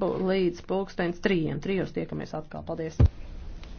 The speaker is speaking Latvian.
darbu līdz pulkstens trījiem. Trijos tiekamies atkal. Paldies!